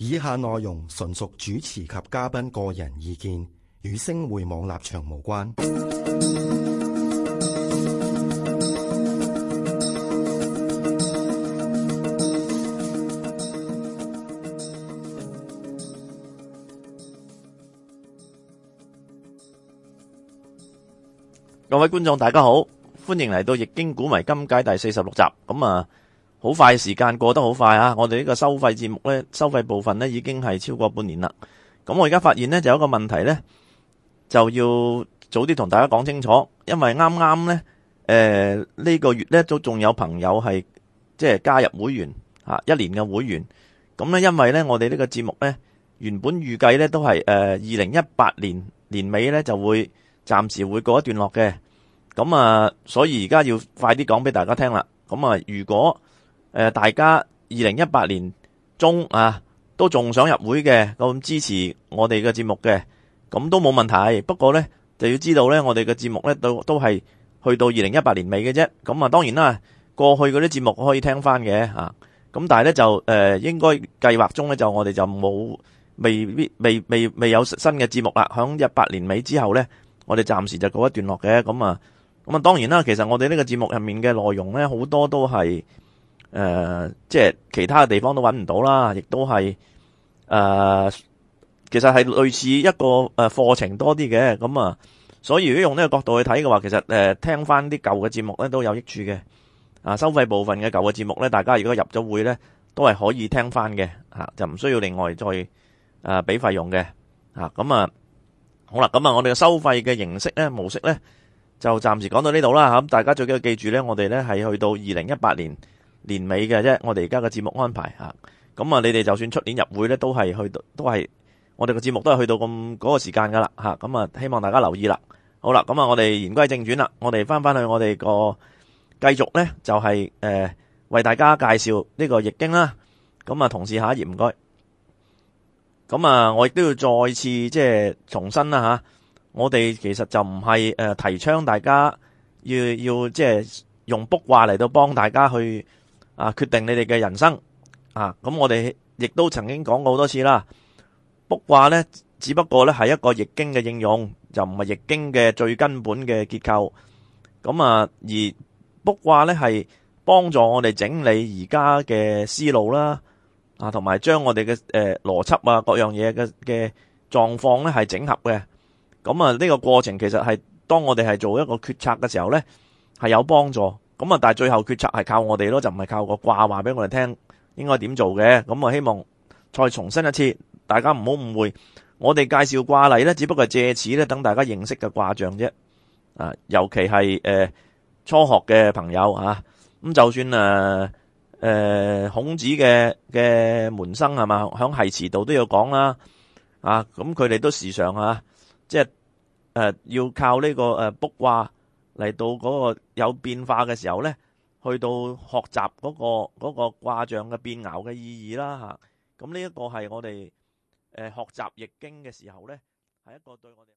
以下內容純屬主持及嘉賓個人意見，與星匯網立場無關。各位觀眾，大家好，歡迎嚟到《易經古謎今解》第四十六集。咁啊！好快，時間過得好快啊！我哋呢個收費節目呢，收費部分呢已經係超過半年啦。咁我而家發現呢，就有一個問題呢，就要早啲同大家講清楚，因為啱啱呢，誒呢個月呢，都仲有朋友係即係加入會員吓一年嘅會員。咁呢，因為呢，我哋呢個節目呢，原本預計呢都係誒二零一八年年尾呢就會暫時會過一段落嘅。咁啊，所以而家要快啲講俾大家聽啦。咁啊，如果誒、呃，大家二零一八年中啊，都仲想入會嘅，咁支持我哋嘅節目嘅，咁都冇問題。不過呢，就要知道呢，我哋嘅節目呢都都係去到二零一八年尾嘅啫。咁啊，當然啦，過去嗰啲節目可以聽翻嘅啊。咁但係呢，就誒、呃，應該計劃中呢，就我哋就冇未必未未未有新嘅節目啦。響一八年尾之後呢，我哋暫時就告一段落嘅，咁啊。咁、嗯、啊，當然啦，其實我哋呢個節目入面嘅內容呢，好多都係。誒、呃，即係其他嘅地方都揾唔到啦，亦都係誒、呃，其實係類似一個誒課程多啲嘅咁啊。所以如果用呢個角度去睇嘅話，其實誒、呃、聽翻啲舊嘅節目呢都有益處嘅啊。收費部分嘅舊嘅節目呢，大家如果入咗會呢，都係可以聽翻嘅吓，就唔需要另外再誒俾、啊、費用嘅啊。咁啊好啦，咁啊我哋嘅收費嘅形式呢、模式呢，就暫時講到呢度啦。咁大家最緊要記住呢，我哋呢係去到二零一八年，年尾嘅啫，我哋而家嘅節目安排嚇，咁啊，你哋就算出年入會咧，都係去到都係我哋嘅節目都係去到咁嗰個時間噶啦嚇，咁啊，希望大家留意啦。好啦，咁啊，我哋言歸正傳啦，我哋翻翻去我哋個繼續咧，就係誒為大家介紹呢個易經啦。咁啊，同事下一頁唔該。咁啊，我亦都要再次即係重申啦嚇，我哋其實就唔係誒提倡大家要要即係用卜話嚟到幫大家去啊！決定你哋嘅人生啊！咁我哋亦都曾經講過好多次啦。卜卦咧，只不過咧係一個易經嘅應用，就唔係易經嘅最根本嘅結構。咁啊，而卜卦咧係幫助我哋整理而家嘅思路啦，啊，同埋將我哋嘅誒邏輯啊各樣嘢嘅嘅狀況咧係整合嘅。咁啊，呢個過程其實係當我哋係做一個決策嘅時候咧，係有幫助。咁啊！但係最後決策係靠我哋咯，就唔係靠個卦話俾我哋聽應該點做嘅。咁啊，希望再重申一次，大家唔好誤會。我哋介紹卦例咧，只不過係藉此咧，等大家認識嘅卦象啫。啊，尤其係誒初學嘅朋友嚇，咁就算誒誒孔子嘅嘅門生係嘛，響繫辭度都要講啦。啊，咁佢哋都時常嚇，即係誒要靠呢個誒卜卦。嚟到嗰個有變化嘅時候咧，去到學習嗰個嗰個卦象嘅變爻嘅意義啦吓，咁呢一個係我哋誒學習易經嘅時候咧，係一個對我哋。